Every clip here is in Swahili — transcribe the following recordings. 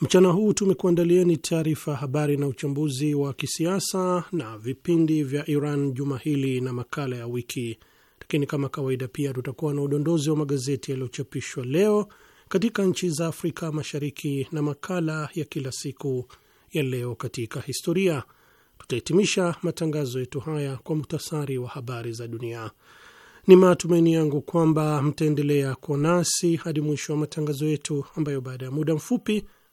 Mchana huu tumekuandalieni taarifa habari na uchambuzi wa kisiasa na vipindi vya Iran juma hili na makala ya wiki, lakini kama kawaida pia tutakuwa na udondozi wa magazeti yaliyochapishwa leo katika nchi za Afrika Mashariki na makala ya kila siku ya leo katika historia. Tutahitimisha matangazo yetu haya kwa muhtasari wa habari za dunia. Ni matumaini yangu kwamba mtaendelea kuwa nasi hadi mwisho wa matangazo yetu ambayo baada ya muda mfupi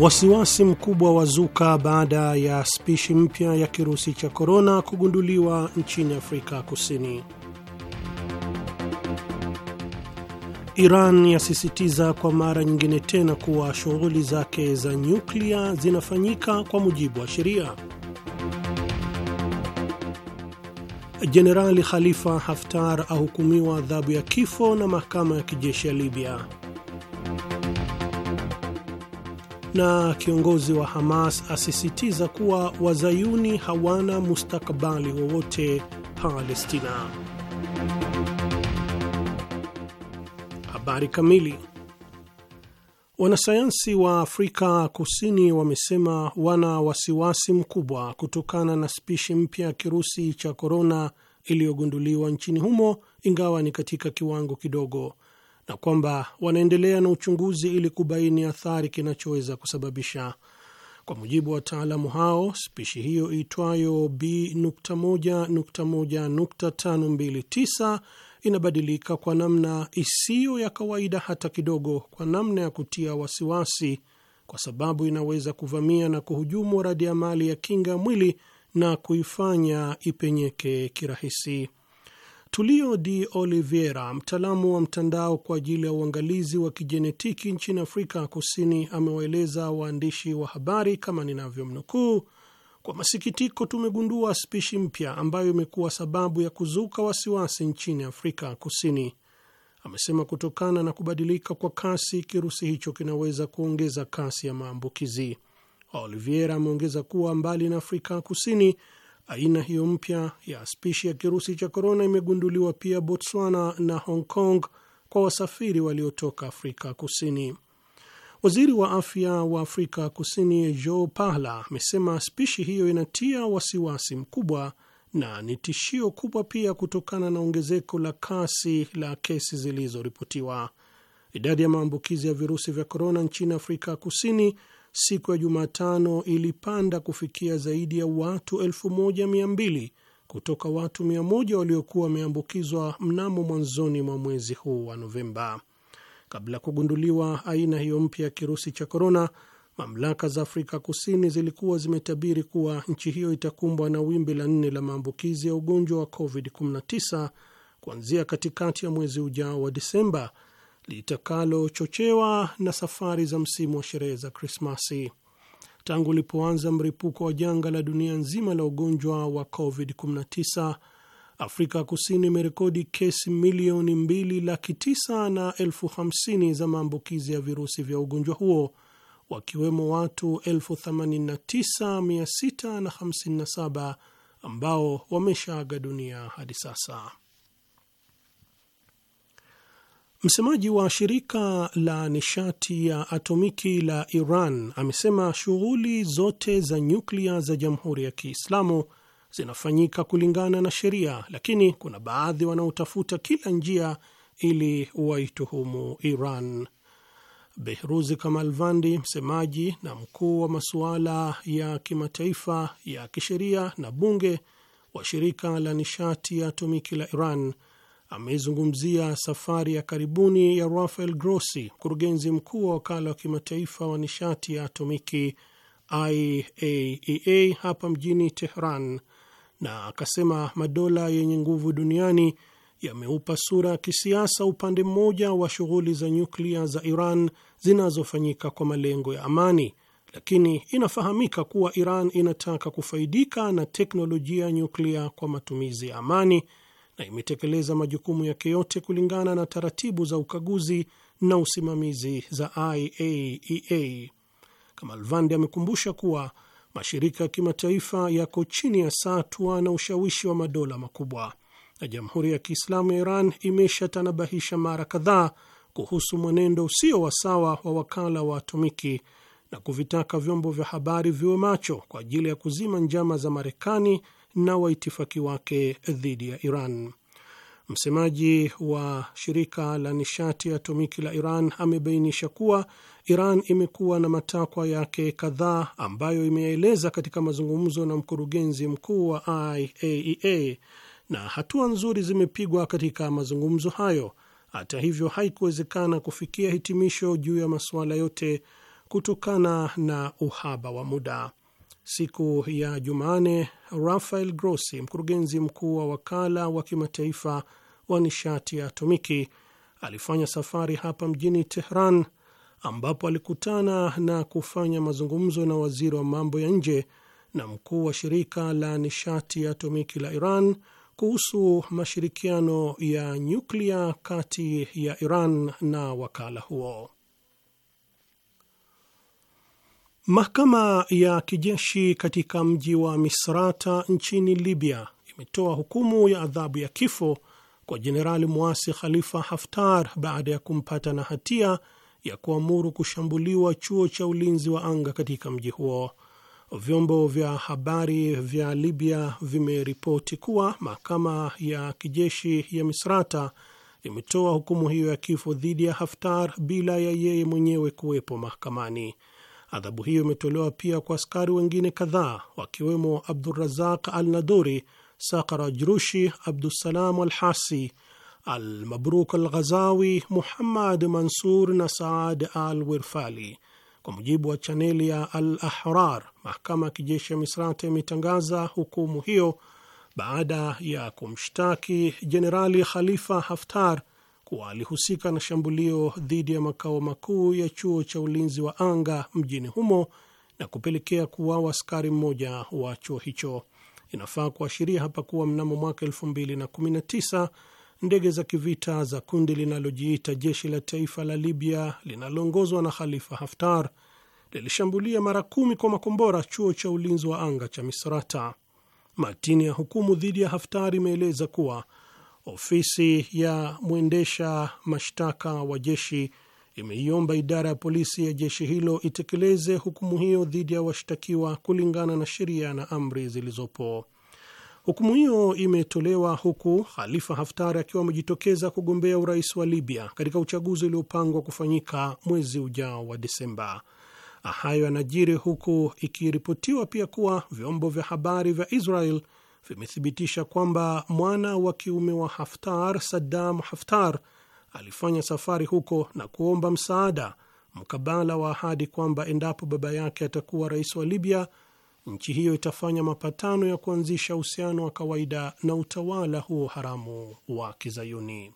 Wasiwasi mkubwa wazuka baada ya spishi mpya ya kirusi cha korona kugunduliwa nchini Afrika Kusini. Iran yasisitiza kwa mara nyingine tena kuwa shughuli zake za nyuklia zinafanyika kwa mujibu wa sheria. Jenerali Khalifa Haftar ahukumiwa adhabu ya kifo na mahakama ya kijeshi ya Libya na kiongozi wa Hamas asisitiza kuwa wazayuni hawana mustakabali wowote Palestina. Habari kamili. Wanasayansi wa Afrika Kusini wamesema wana wasiwasi mkubwa kutokana na spishi mpya ya kirusi cha korona iliyogunduliwa nchini humo, ingawa ni katika kiwango kidogo na kwamba wanaendelea na uchunguzi ili kubaini athari kinachoweza kusababisha. Kwa mujibu wa wataalamu hao, spishi hiyo iitwayo B.1.1.529 inabadilika kwa namna isiyo ya kawaida hata kidogo, kwa namna ya kutia wasiwasi, kwa sababu inaweza kuvamia na kuhujumu radiamali ya kinga ya mwili na kuifanya ipenyeke kirahisi. Tulio Di Oliveira, mtaalamu wa mtandao kwa ajili ya uangalizi wa kijenetiki nchini Afrika Kusini, amewaeleza waandishi wa habari kama ninavyomnukuu: kwa masikitiko, tumegundua spishi mpya ambayo imekuwa sababu ya kuzuka wasiwasi nchini Afrika Kusini. Amesema kutokana na kubadilika kwa kasi, kirusi hicho kinaweza kuongeza kasi ya maambukizi. Oliveira ameongeza kuwa mbali na Afrika Kusini, Aina hiyo mpya ya spishi ya kirusi cha korona imegunduliwa pia Botswana na Hong Kong kwa wasafiri waliotoka Afrika Kusini. Waziri wa afya wa Afrika Kusini Joe Pahla amesema spishi hiyo inatia wasiwasi mkubwa na ni tishio kubwa pia kutokana na ongezeko la kasi la kesi zilizoripotiwa. Idadi ya maambukizi ya virusi vya korona nchini Afrika Kusini siku ya Jumatano ilipanda kufikia zaidi ya watu elfu moja mia mbili kutoka watu mia moja waliokuwa wameambukizwa mnamo mwanzoni mwa mwezi huu wa Novemba. Kabla ya kugunduliwa aina hiyo mpya ya kirusi cha korona, mamlaka za Afrika Kusini zilikuwa zimetabiri kuwa nchi hiyo itakumbwa na wimbi la nne la maambukizi ya ugonjwa wa COVID-19 kuanzia katikati ya mwezi ujao wa Disemba litakalochochewa na safari za msimu wa sherehe za Krismasi. Tangu ulipoanza mripuko wa janga la dunia nzima la ugonjwa wa COVID-19, Afrika Kusini imerekodi kesi milioni mbili laki tisa na elfu hamsini za maambukizi ya virusi vya ugonjwa huo wakiwemo watu 89657 ambao wameshaaga dunia hadi sasa. Msemaji wa shirika la nishati ya atomiki la Iran amesema shughuli zote za nyuklia za Jamhuri ya Kiislamu zinafanyika kulingana na sheria, lakini kuna baadhi wanaotafuta kila njia ili waituhumu Iran. Behruzi Kamalvandi, msemaji na mkuu wa masuala ya kimataifa ya kisheria na bunge wa shirika la nishati ya atomiki la Iran ameizungumzia safari ya karibuni ya Rafael Grossi, mkurugenzi mkuu wa wakala wa kimataifa wa nishati ya atomiki IAEA e hapa mjini Tehran, na akasema madola yenye nguvu duniani yameupa sura ya kisiasa upande mmoja wa shughuli za nyuklia za Iran zinazofanyika kwa malengo ya amani, lakini inafahamika kuwa Iran inataka kufaidika na teknolojia ya nyuklia kwa matumizi ya amani na imetekeleza majukumu yake yote kulingana na taratibu za ukaguzi na usimamizi za IAEA. vandi amekumbusha kuwa mashirika ya kimataifa yako chini ya satwa na ushawishi wa madola makubwa, na Jamhuri ya Kiislamu ya Iran imeshatanabahisha mara kadhaa kuhusu mwenendo usio wa sawa wa wakala wa atomiki na kuvitaka vyombo vya habari viwe macho kwa ajili ya kuzima njama za Marekani na waitifaki wake dhidi ya Iran. Msemaji wa shirika la nishati atomiki la Iran amebainisha kuwa Iran imekuwa na matakwa yake kadhaa ambayo imeyaeleza katika mazungumzo na mkurugenzi mkuu wa IAEA e na hatua nzuri zimepigwa katika mazungumzo hayo. Hata hivyo, haikuwezekana kufikia hitimisho juu ya masuala yote kutokana na uhaba wa muda. Siku ya Jumane, Rafael Grossi, mkurugenzi mkuu wa wakala wa kimataifa wa nishati ya atomiki, alifanya safari hapa mjini Tehran, ambapo alikutana na kufanya mazungumzo na waziri wa mambo ya nje na mkuu wa shirika la nishati ya atomiki la Iran kuhusu mashirikiano ya nyuklia kati ya Iran na wakala huo. Mahakama ya kijeshi katika mji wa Misrata nchini Libya imetoa hukumu ya adhabu ya kifo kwa jenerali mwasi Khalifa Haftar baada ya kumpata na hatia ya kuamuru kushambuliwa chuo cha ulinzi wa anga katika mji huo. Vyombo vya habari vya Libya vimeripoti kuwa mahakama ya kijeshi ya Misrata imetoa hukumu hiyo ya kifo dhidi ya Haftar bila ya yeye mwenyewe kuwepo mahakamani. Adhabu hiyo imetolewa pia kwa askari wengine kadhaa wakiwemo Abdurazaq al Naduri, Sakara Jrushi, Abdusalam al Hasi, al Mabruk al Ghazawi, Muhammad Mansur na Saad al Wirfali. Kwa mujibu wa chaneli ya Al Ahrar, mahakama ya kijeshi ya Misrata imetangaza hukumu hiyo baada ya kumshtaki Jenerali Khalifa Haftar kuwa alihusika na shambulio dhidi ya makao makuu ya chuo cha ulinzi wa anga mjini humo na kupelekea kuuawa askari mmoja wa chuo hicho. Inafaa kuashiria hapa kuwa mnamo mwaka 2019 ndege za kivita za kundi linalojiita jeshi la taifa la Libya linaloongozwa na Khalifa Haftar lilishambulia mara kumi kwa makombora chuo cha ulinzi wa anga cha Misrata. Matini ya hukumu dhidi ya Haftar imeeleza kuwa Ofisi ya mwendesha mashtaka wa jeshi imeiomba idara ya polisi ya jeshi hilo itekeleze hukumu hiyo dhidi ya washtakiwa kulingana na sheria na amri zilizopo. Hukumu hiyo imetolewa huku Khalifa Haftar akiwa amejitokeza kugombea urais wa Libya katika uchaguzi uliopangwa kufanyika mwezi ujao wa Desemba. Hayo yanajiri huku ikiripotiwa pia kuwa vyombo vya habari vya Israel vimethibitisha kwamba mwana wa kiume wa Haftar, Saddam Haftar, alifanya safari huko na kuomba msaada mkabala wa ahadi kwamba endapo baba yake atakuwa rais wa Libya, nchi hiyo itafanya mapatano ya kuanzisha uhusiano wa kawaida na utawala huo haramu wa Kizayuni.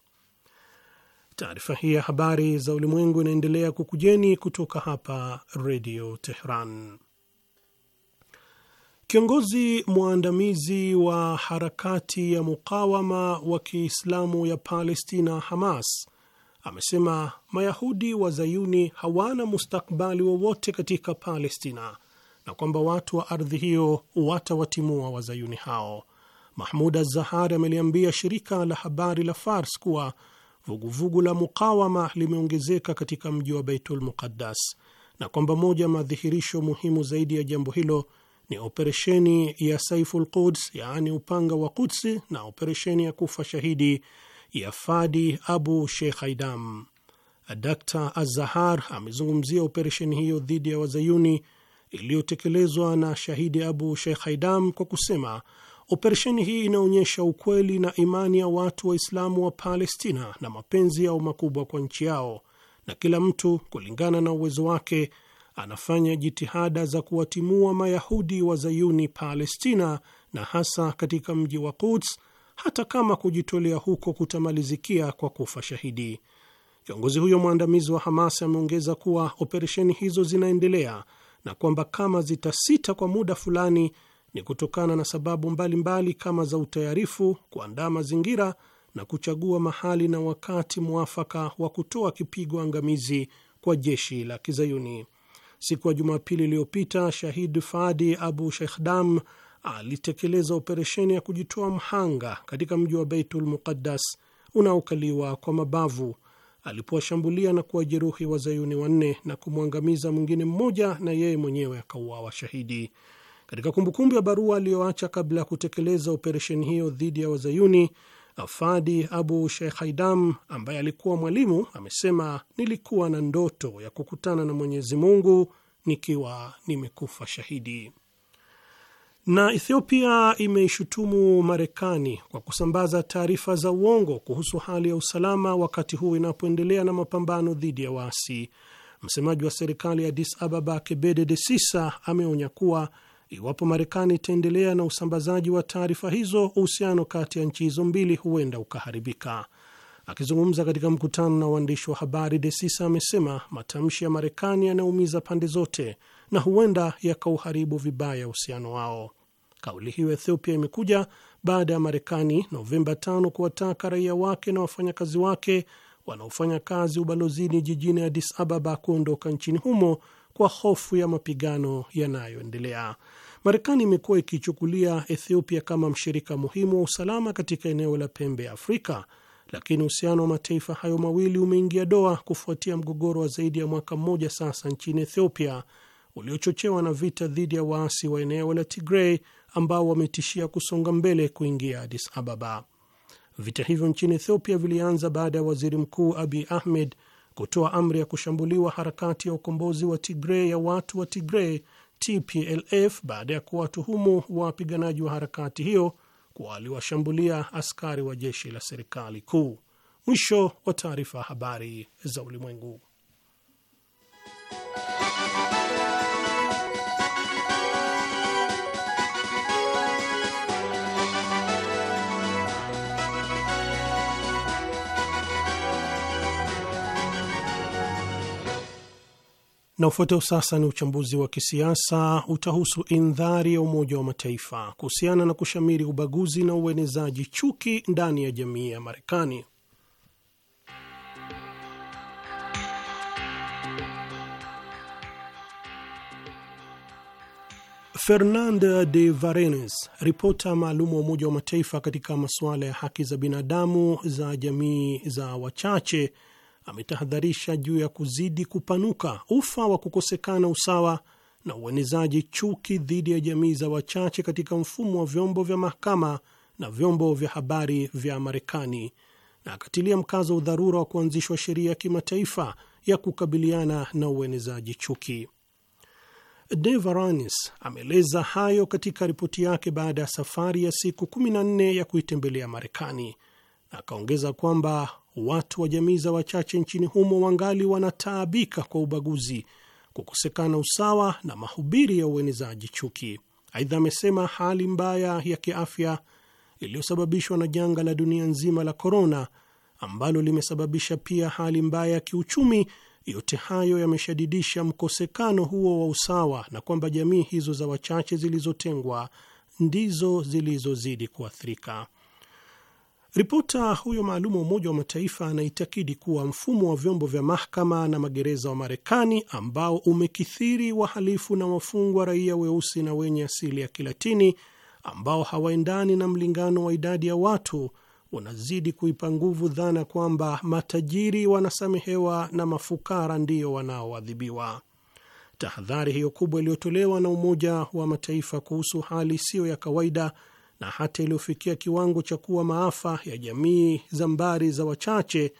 Taarifa hii ya habari za ulimwengu inaendelea kukujeni kutoka hapa Redio Tehran. Kiongozi mwandamizi wa harakati ya mukawama wa Kiislamu ya Palestina, Hamas, amesema Mayahudi wazayuni hawana mustakbali wowote katika Palestina na kwamba watu wa ardhi hiyo watawatimua wazayuni hao. Mahmud Azahar ameliambia shirika la habari la Fars kuwa vuguvugu la mukawama limeongezeka katika mji wa baitul Muqaddas na kwamba moja ya madhihirisho muhimu zaidi ya jambo hilo ni operesheni ya Saiful Quds, yaani upanga wa Kudsi, na operesheni ya kufa shahidi ya Fadi Abu Sheikh Haidam. Dkt Azahar amezungumzia operesheni hiyo dhidi ya wazayuni iliyotekelezwa na shahidi Abu Sheikh Haidam kwa kusema operesheni hii inaonyesha ukweli na imani ya watu Waislamu wa Palestina na mapenzi yao makubwa kwa nchi yao, na kila mtu kulingana na uwezo wake anafanya jitihada za kuwatimua Mayahudi wa zayuni Palestina na hasa katika mji wa Quds, hata kama kujitolea huko kutamalizikia kwa kufa shahidi. Kiongozi huyo mwandamizi wa Hamas ameongeza kuwa operesheni hizo zinaendelea na kwamba kama zitasita kwa muda fulani ni kutokana na sababu mbalimbali mbali kama za utayarifu, kuandaa mazingira na kuchagua mahali na wakati mwafaka wa kutoa kipigo angamizi kwa jeshi la Kizayuni. Siku ya Jumapili iliyopita, Shahid Faadi Abu Shekhdam alitekeleza operesheni ya kujitoa mhanga katika mji wa Beitul Muqaddas unaokaliwa kwa mabavu alipowashambulia na kuwajeruhi wazayuni wanne na kumwangamiza mwingine mmoja na yeye mwenyewe akauawa shahidi. Katika kumbukumbu ya barua aliyoacha kabla ya kutekeleza operesheni hiyo dhidi ya wazayuni, Afadi Abu Sheikh Haidam ambaye alikuwa mwalimu amesema, nilikuwa na ndoto ya kukutana na Mwenyezi Mungu nikiwa nimekufa shahidi. Na Ethiopia imeishutumu Marekani kwa kusambaza taarifa za uongo kuhusu hali ya usalama wakati huu inapoendelea na mapambano dhidi ya waasi. Msemaji wa serikali ya Addis Ababa Kebede Desisa ameonya kuwa Iwapo Marekani itaendelea na usambazaji wa taarifa hizo, uhusiano kati ya nchi hizo mbili huenda ukaharibika. Akizungumza katika mkutano na waandishi wa habari, De Sisa amesema matamshi ya Marekani yanaumiza pande zote na huenda yakauharibu vibaya uhusiano wao. Kauli hiyo Ethiopia imekuja baada ya Marekani Novemba a kuwataka raia wake na wafanyakazi wake wanaofanya kazi ubalozini jijini Addis Ababa kuondoka nchini humo kwa hofu ya mapigano yanayoendelea. Marekani imekuwa ikichukulia Ethiopia kama mshirika muhimu wa usalama katika eneo la pembe ya Afrika, lakini uhusiano wa mataifa hayo mawili umeingia doa kufuatia mgogoro wa zaidi ya mwaka mmoja sasa nchini Ethiopia uliochochewa na vita dhidi ya waasi wa eneo la Tigrei ambao wametishia kusonga mbele kuingia Adis Ababa. Vita hivyo nchini Ethiopia vilianza baada ya waziri mkuu abi Ahmed kutoa amri ya kushambuliwa harakati ya ukombozi wa Tigrei ya watu wa Tigrei TPLF baada ya kuwatuhumu wapiganaji wa harakati hiyo kuwa aliwashambulia askari wa jeshi la serikali kuu. Mwisho wa taarifa. Habari za Ulimwengu. Na ufuatao sasa ni uchambuzi wa kisiasa utahusu indhari ya Umoja wa Mataifa kuhusiana na kushamiri ubaguzi na uenezaji chuki ndani ya jamii ya Marekani. Fernand de Varenes, ripota maalum wa Umoja wa Mataifa katika masuala ya haki za binadamu za jamii za wachache ametahadharisha juu ya kuzidi kupanuka ufa wa kukosekana usawa na uenezaji chuki dhidi ya jamii za wachache katika mfumo wa vyombo vya mahakama na vyombo vya habari vya Marekani, na akatilia mkazo udharura wa kuanzishwa sheria ya kimataifa ya kukabiliana na uenezaji chuki. Dave ameeleza hayo katika ripoti yake baada ya safari ya siku 14 ya kuitembelea Marekani, na akaongeza kwamba watu wa jamii za wachache nchini humo wangali wanataabika kwa ubaguzi, kukosekana usawa na mahubiri ya uenezaji chuki. Aidha, amesema hali mbaya ya kiafya iliyosababishwa na janga la dunia nzima la korona ambalo limesababisha pia hali mbaya ya kiuchumi, yote hayo yameshadidisha mkosekano huo wa usawa, na kwamba jamii hizo za wachache zilizotengwa ndizo zilizozidi kuathirika. Ripota huyo maalum wa Umoja wa Mataifa anaitakidi kuwa mfumo wa vyombo vya mahakama na magereza wa Marekani ambao umekithiri wahalifu na wafungwa raia weusi na wenye asili ya Kilatini ambao hawaendani na mlingano wa idadi ya watu unazidi kuipa nguvu dhana kwamba matajiri wanasamehewa na mafukara ndiyo wanaoadhibiwa. Tahadhari hiyo kubwa iliyotolewa na Umoja wa Mataifa kuhusu hali isiyo ya kawaida na hata iliyofikia kiwango cha kuwa maafa ya jamii za mbari za wachache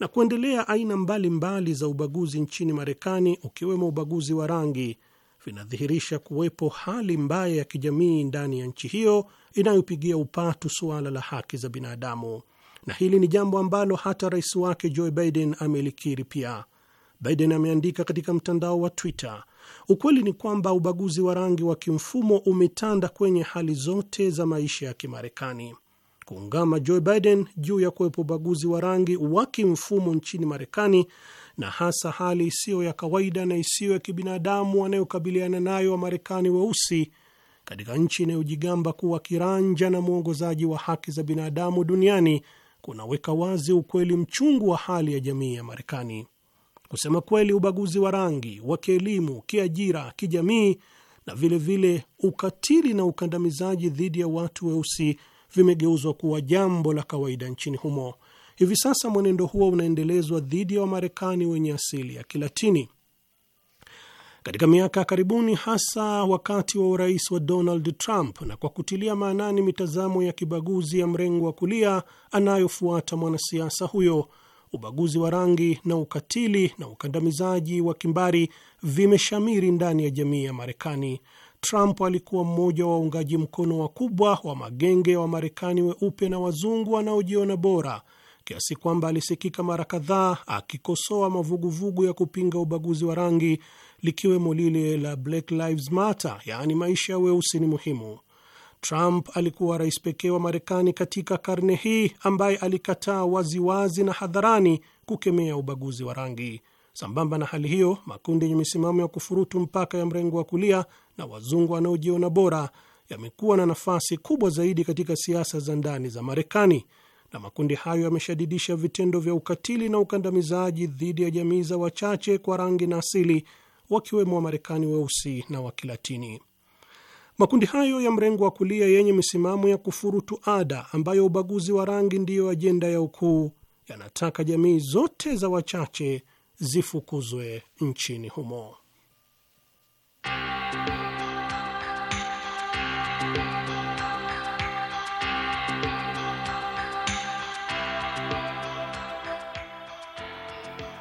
na kuendelea aina mbalimbali mbali za ubaguzi nchini Marekani ukiwemo ubaguzi wa rangi vinadhihirisha kuwepo hali mbaya ya kijamii ndani ya nchi hiyo inayopigia upatu suala la haki za binadamu, na hili ni jambo ambalo hata rais wake Joe Biden amelikiri pia. Biden ameandika katika mtandao wa Twitter Ukweli ni kwamba ubaguzi wa rangi wa kimfumo umetanda kwenye hali zote za maisha ya Kimarekani. Kuungama Joe Biden juu ya kuwepo ubaguzi wa rangi wa kimfumo nchini Marekani, na hasa hali isiyo ya kawaida na isiyo ya kibinadamu wanayokabiliana nayo Wamarekani weusi katika nchi inayojigamba kuwa kiranja na mwongozaji wa haki za binadamu duniani kunaweka wazi ukweli mchungu wa hali ya jamii ya Marekani. Kusema kweli, ubaguzi wa rangi wa kielimu, kiajira, kijamii na vilevile vile ukatili na ukandamizaji dhidi ya watu weusi vimegeuzwa kuwa jambo la kawaida nchini humo. Hivi sasa mwenendo huo unaendelezwa dhidi ya Wamarekani wenye asili ya Kilatini. Katika miaka ya karibuni, hasa wakati wa urais wa Donald Trump na kwa kutilia maanani mitazamo ya kibaguzi ya mrengo wa kulia anayofuata mwanasiasa huyo, ubaguzi wa rangi na ukatili na ukandamizaji wa kimbari vimeshamiri ndani ya jamii ya Marekani. Trump alikuwa mmoja wa waungaji mkono wakubwa wa magenge ya wa marekani weupe na wazungu wanaojiona bora kiasi kwamba alisikika mara kadhaa akikosoa mavuguvugu ya kupinga ubaguzi wa rangi likiwemo lile la Black Lives Matter, yaani maisha ya weusi ni muhimu. Trump alikuwa rais pekee wa Marekani katika karne hii ambaye alikataa waziwazi na hadharani kukemea ubaguzi wa rangi. Sambamba na hali hiyo, makundi yenye misimamo ya kufurutu mpaka ya mrengo wa kulia na wazungu wanaojiona bora yamekuwa na nafasi kubwa zaidi katika siasa za ndani za Marekani, na makundi hayo yameshadidisha vitendo vya ukatili na ukandamizaji dhidi ya jamii za wachache kwa rangi na asili, wakiwemo Wamarekani weusi na Wakilatini. Makundi hayo ya mrengo wa kulia yenye misimamo ya kufurutu ada, ambayo ubaguzi wa rangi ndiyo ajenda ya ukuu, yanataka jamii zote za wachache zifukuzwe nchini humo.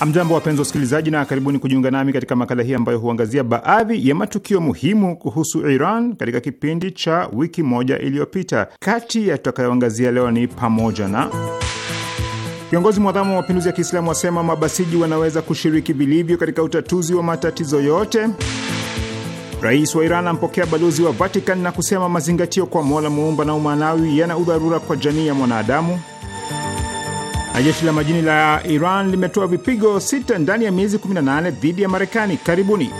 Amjambo, wapenzi wasikilizaji, na karibuni kujiunga nami katika makala hii ambayo huangazia baadhi ya matukio muhimu kuhusu Iran katika kipindi cha wiki moja iliyopita. Kati ya tutakayoangazia leo ni pamoja na Viongozi mwadhamu wa mapinduzi ya Kiislamu wasema mabasiji wanaweza kushiriki vilivyo katika utatuzi wa matatizo yote. Rais wa Iran ampokea balozi wa Vatican na kusema mazingatio kwa Mola muumba na umanawi yana udharura kwa jamii ya mwanadamu na jeshi la majini la Iran limetoa vipigo sita ndani ya miezi 18 dhidi ya Marekani. Karibuni.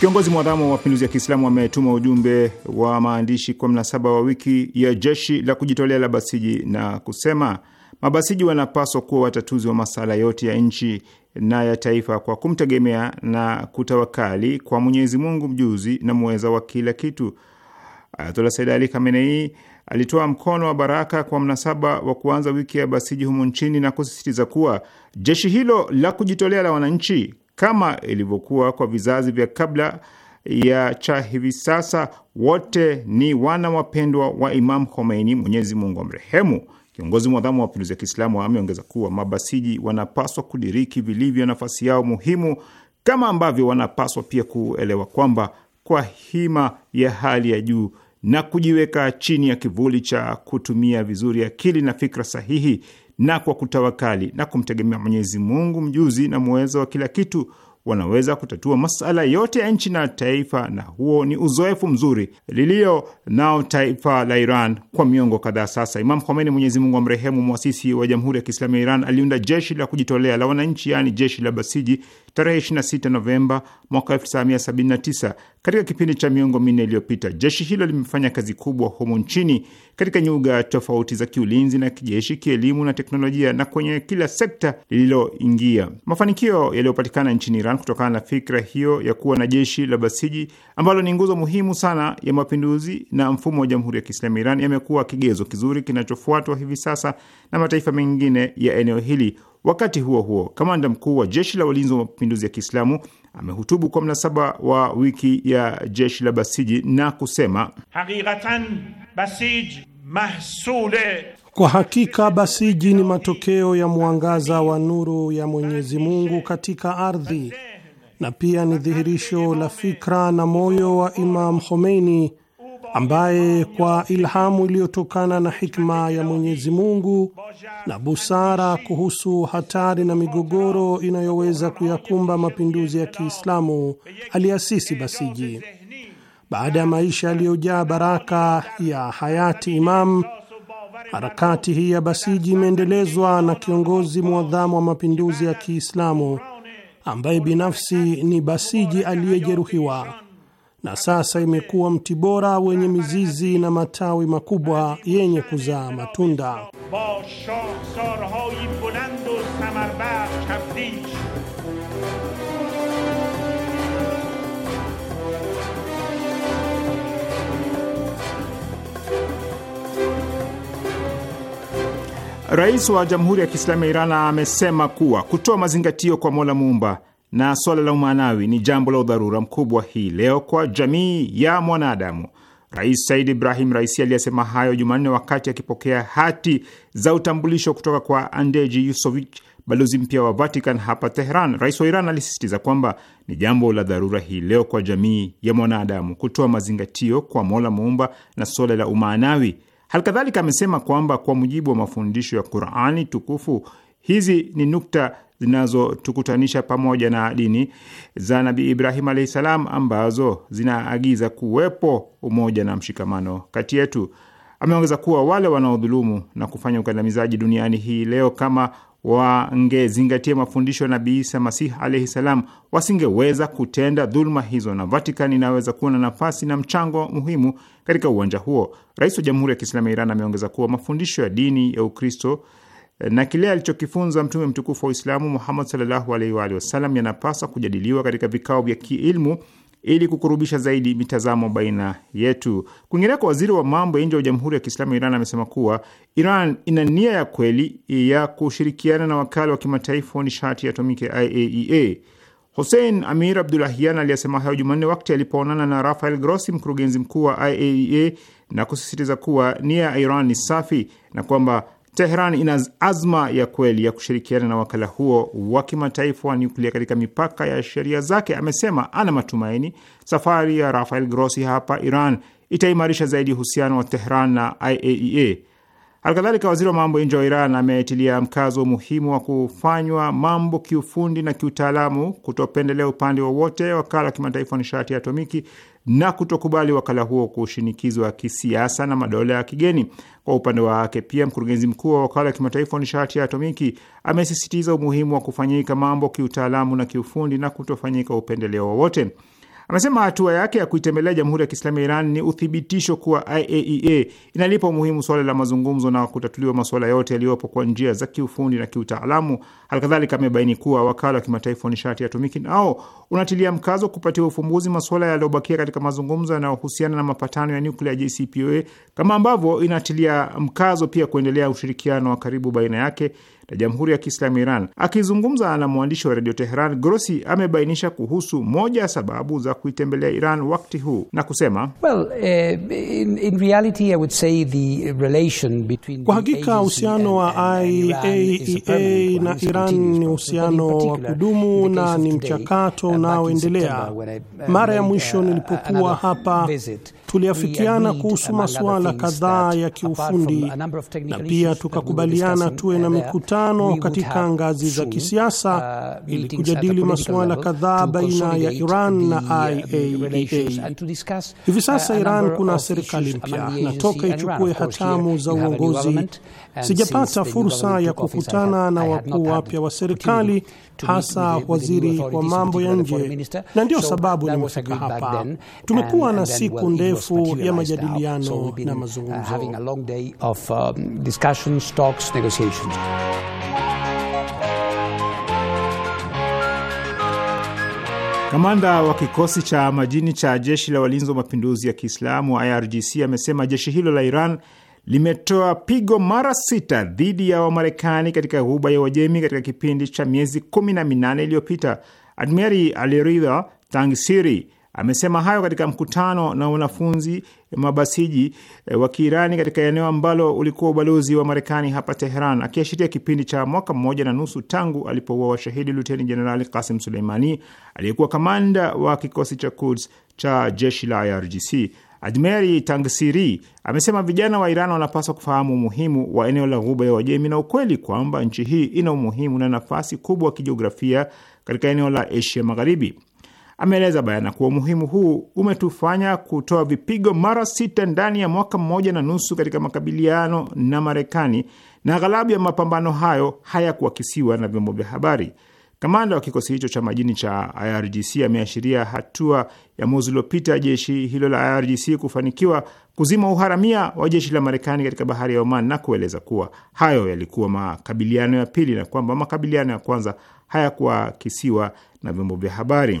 Kiongozi mwadhamu wa mapinduzi ya Kiislamu ametuma ujumbe wa maandishi kwa mnasaba wa wiki ya jeshi la kujitolea la Basiji na kusema mabasiji wanapaswa kuwa watatuzi wa masala yote ya nchi na ya taifa kwa kumtegemea na kutawakali kwa Mwenyezi Mungu mjuzi na mweza wa kila kitu. Ayatola Said Ali Khamenei alitoa mkono wa baraka kwa mnasaba wa kuanza wiki ya Basiji humo nchini na kusisitiza kuwa jeshi hilo la kujitolea la wananchi, kama ilivyokuwa kwa vizazi vya kabla ya cha hivi sasa, wote ni wana wapendwa wa Imam Khomeini, Mwenyezi Mungu amrehemu. Kiongozi mwadhamu wa mapinduzi ya Kiislamu ameongeza kuwa mabasiji wanapaswa kudiriki vilivyo nafasi yao muhimu, kama ambavyo wanapaswa pia kuelewa kwamba kwa hima ya hali ya juu na kujiweka chini ya kivuli cha kutumia vizuri akili na fikra sahihi na kwa kutawakali na kumtegemea Mwenyezi Mungu mjuzi na muweza wa kila kitu wanaweza kutatua masala yote ya nchi na taifa, na huo ni uzoefu mzuri lilio nao taifa la Iran kwa miongo kadhaa sasa. Imam Khomeini, Mwenyezi Mungu mrehemu mwasisi wa Jamhuri ya Kiislamu ya Iran, aliunda jeshi la kujitolea la wananchi, yaani jeshi la Basiji tarehe 26 Novemba mwaka 1979. Katika kipindi cha miongo minne iliyopita, jeshi hilo limefanya kazi kubwa humu nchini katika nyuga tofauti za kiulinzi na kijeshi, kielimu na teknolojia na kwenye kila sekta lililoingia. Mafanikio yaliyopatikana nchini Iran kutokana na fikra hiyo ya kuwa na jeshi la basiji ambalo ni nguzo muhimu sana ya mapinduzi na mfumo wa Jamhuri ya Kiislamu Iran yamekuwa kigezo kizuri kinachofuatwa hivi sasa na mataifa mengine ya eneo hili. Wakati huo huo, kamanda mkuu wa jeshi la walinzi wa mapinduzi ya Kiislamu amehutubu kwa mnasaba wa wiki ya jeshi la Basiji na kusema hakikatan basij mahsule kwa hakika basiji ni matokeo ya mwangaza wa nuru ya Mwenyezi Mungu katika ardhi na pia ni dhihirisho la fikra na moyo wa Imam Khomeini ambaye kwa ilhamu iliyotokana na hikma ya Mwenyezi Mungu na busara kuhusu hatari na migogoro inayoweza kuyakumba mapinduzi ya Kiislamu aliasisi Basiji. Baada ya maisha yaliyojaa baraka ya hayati Imam, harakati hii ya Basiji imeendelezwa na kiongozi mwadhamu wa mapinduzi ya Kiislamu ambaye binafsi ni Basiji aliyejeruhiwa, na sasa imekuwa mti bora wenye mizizi na matawi makubwa yenye kuzaa matunda. Rais wa Jamhuri ya Kiislamu ya Iran amesema kuwa kutoa mazingatio kwa Mola Muumba na swala la umaanawi ni jambo la udharura mkubwa hii leo kwa jamii ya mwanadamu. Rais Said Ibrahim Raisi aliyesema hayo Jumanne wakati akipokea hati za utambulisho kutoka kwa Andeji Yusovich, balozi mpya wa Vatican hapa Tehran. Rais wa Iran alisisitiza kwamba ni jambo la dharura hii leo kwa jamii ya mwanadamu kutoa mazingatio kwa Mola Muumba na swala la umaanawi Halikadhalika amesema kwamba kwa mujibu wa mafundisho ya Qurani tukufu hizi ni nukta zinazotukutanisha pamoja na dini za Nabii Ibrahim alahi salam ambazo zinaagiza kuwepo umoja na mshikamano kati yetu. Ameongeza kuwa wale wanaodhulumu na kufanya ukandamizaji duniani hii leo kama wangezingatia mafundisho ya Nabii Isa Masih alaihi salam, wasingeweza kutenda dhuluma hizo, na Vatican inaweza kuwa na nafasi na mchango muhimu katika uwanja huo. Rais wa Jamhuri ya Kiislamu ya Iran ameongeza kuwa mafundisho ya dini ya Ukristo eh, na kile alichokifunza Mtume mtukufu wa Uislamu Muhammad sallallahu alaihi wa alihi wasallam yanapaswa kujadiliwa katika vikao vya kiilmu ili kukurubisha zaidi mitazamo baina yetu. Kwingineko, waziri wa mambo ya nje wa Jamhuri ya Kiislamu ya Iran amesema kuwa Iran ina nia ya kweli ya kushirikiana na wakala wa kimataifa wa nishati ya atomiki IAEA. E Hussein Amir Abdulahian aliyesema hayo Jumanne wakati alipoonana na Rafael Grossi, mkurugenzi mkuu wa IAEA, e na kusisitiza kuwa nia ya Iran ni safi na kwamba Teheran ina azma ya kweli ya kushirikiana na wakala huo wa kimataifa wa nyuklia katika mipaka ya sheria zake. Amesema ana matumaini safari ya Rafael Grossi hapa Iran itaimarisha zaidi uhusiano wa Teheran na IAEA. E Halikadhalika, waziri wa mambo ya nje wa Iran ametilia mkazo umuhimu wa kufanywa mambo kiufundi na kiutaalamu, kutopendelea upande wowote wakala wa kimataifa wa nishati ya atomiki na kutokubali wakala huo kushinikizwa kisiasa na madola ya kigeni. Kwa upande wake, pia mkurugenzi mkuu wa wakala wa kimataifa wa nishati ya atomiki amesisitiza umuhimu wa kufanyika mambo kiutaalamu na kiufundi na kutofanyika upendeleo wowote. Anasema hatua yake ya kuitembelea Jamhuri ya Kiislamu ya Iran ni uthibitisho kuwa IAEA e inalipa umuhimu suala la mazungumzo na kutatuliwa masuala yote yaliyopo kwa njia za kiufundi na kiutaalamu. Halikadhalika, amebaini kuwa wakala wa kimataifa wa nishati ya atomiki nao unatilia mkazo kupatiwa ufumbuzi masuala yaliyobakia katika mazungumzo yanayohusiana na mapatano ya nyuklia JCPOA, kama ambavyo inatilia mkazo pia kuendelea ushirikiano wa karibu baina yake la Jamhuri ya Kiislamu Iran. Akizungumza na mwandishi wa redio Teheran, Grossi amebainisha kuhusu moja ya sababu za kuitembelea Iran wakti huu na kusema well, uh, in, in reality, I would say the relation between kwa hakika uhusiano wa IAEA na Iran ni uhusiano wa kudumu na ni mchakato uh, unaoendelea. Uh, Mara ya mwisho uh, nilipokuwa hapa visit tuliafikiana kuhusu masuala kadhaa ya kiufundi na pia tukakubaliana tuwe na mikutano katika ngazi za kisiasa uh, ili kujadili masuala kadhaa baina ya Iran na uh, IAEA. E Hivi uh, sasa Iran kuna serikali mpya na toka ichukue hatamu za uongozi, sijapata fursa ya kukutana na wakuu wapya wa serikali hasa waziri wa mambo ya nje, na ndio sababu nimefika hapa. Tumekuwa na siku ndefu ya majadiliano na uh, mazungumzo. Um, Kamanda wa kikosi cha majini cha jeshi la walinzi wa mapinduzi ya Kiislamu IRGC amesema jeshi hilo la Iran limetoa pigo mara sita dhidi ya Wamarekani katika ghuba ya Uajemi katika kipindi cha miezi kumi na minane iliyopita. admeri Aliridha Tangsiri amesema hayo katika mkutano na wanafunzi mabasiji eh, wa Kiirani katika eneo ambalo ulikuwa ubalozi wa Marekani hapa Teheran, akiashiria kipindi cha mwaka mmoja na nusu tangu alipoua washahidi Luteni Jenerali Kasim Suleimani aliyekuwa kamanda wa kikosi cha Kuds cha jeshi la IRGC admeri Tangsiri amesema vijana wa Iran wanapaswa kufahamu umuhimu wa eneo la Ghuba ya Uajemi na ukweli kwamba nchi hii ina umuhimu na nafasi kubwa ya kijiografia katika eneo la Asia Magharibi. Ameeleza bayana kuwa umuhimu huu umetufanya kutoa vipigo mara sita ndani ya mwaka mmoja na nusu katika makabiliano na Marekani, na ghalabu ya mapambano hayo hayakuakisiwa na vyombo vya habari. Kamanda wa kikosi hicho cha majini cha IRGC ameashiria hatua ya mwezi uliopita jeshi hilo la IRGC kufanikiwa kuzima uharamia wa jeshi la Marekani katika bahari ya Oman na kueleza kuwa hayo yalikuwa makabiliano ya pili na kwamba makabiliano ya kwanza hayakuakisiwa na vyombo vya habari.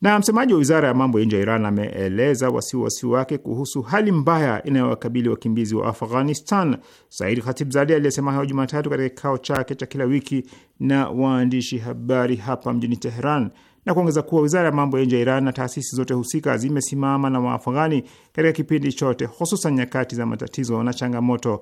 Na msemaji wa wizara ya mambo ya nje ya Iran ameeleza wasiwasi wake kuhusu hali mbaya inayowakabili wakimbizi wa Afghanistan. Said Khatibzadeh aliyesema hayo Jumatatu katika kikao chake cha kila wiki na waandishi habari hapa mjini Teheran na kuongeza kuwa wizara ya mambo ya nje ya Iran na taasisi zote husika zimesimama na Waafghani katika kipindi chote, hususan nyakati za matatizo na changamoto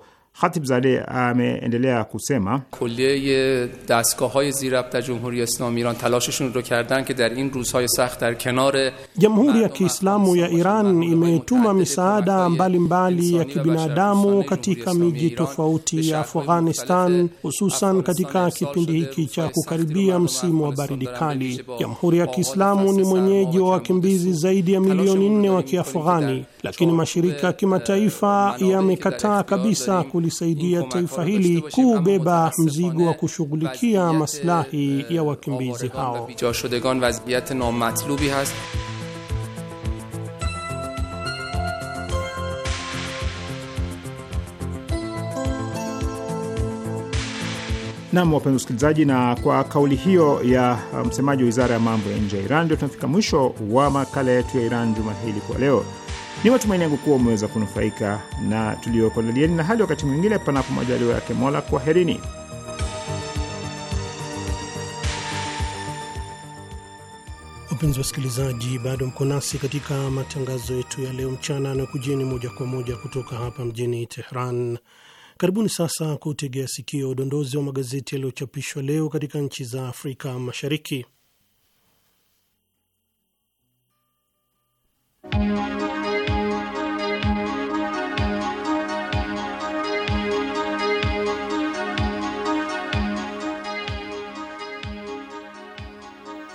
zade ameendelea kusema kulie dastgahhay zirabta jumhuri islami iran talasheshun ro kardan ke dar in ruzhay sakht dar kenar Jamhuri ya Kiislamu ya Iran imetuma misaada mbalimbali ya kibinadamu katika miji tofauti ya Afghanistan, hususan katika kipindi hiki cha kukaribia msimu wa baridi kali. Jamhuri ya Kiislamu ni mwenyeji wa wakimbizi zaidi ya milioni nne wa Kiafghani, lakini mashirika ya kimataifa yamekataa kabisa kulisaidia taifa hili kubeba mzigo wa kushughulikia maslahi eh, ya wakimbizi hao. Nam, wapenzi wasikilizaji, na kwa kauli hiyo ya um, msemaji wa wizara ya mambo ya nje ya Iran ndio tunafika mwisho wa makala yetu ya Iran juma hili kwa leo. Ni matumaini yangu kuwa umeweza kunufaika na tuliyokuandalieni, na hadi wakati mwingine, panapo majaliwa yake Mola, kwaherini. Wapenzi wasikilizaji, bado mko nasi katika matangazo yetu ya leo mchana na kujieni moja kwa moja kutoka hapa mjini Tehran. Karibuni sasa kutegea sikio udondozi wa magazeti yaliyochapishwa leo katika nchi za Afrika Mashariki.